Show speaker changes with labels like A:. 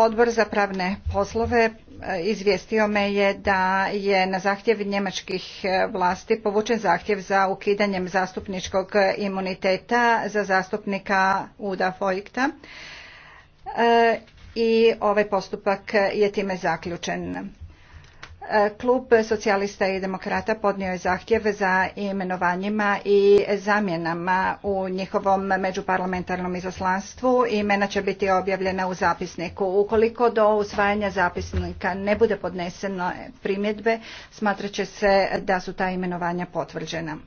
A: Odbor za pravne poslove e, izvijestio me je da je na zahtjev njemačkih e, vlasti povučen zahtjev za ukidanjem zastupničkog imuniteta za zastupnika Uda Fojkta e, i ovaj postupak je time zaključen. Klub socijalista i demokrata podnio je zahtjev za imenovanjima i zamjenama u njihovom međuparlamentarnom izaslanstvu. Imena će biti objavljena u zapisniku. Ukoliko do usvajanja zapisnika ne bude podneseno primjedbe, smatraće se da su ta imenovanja potvrđena.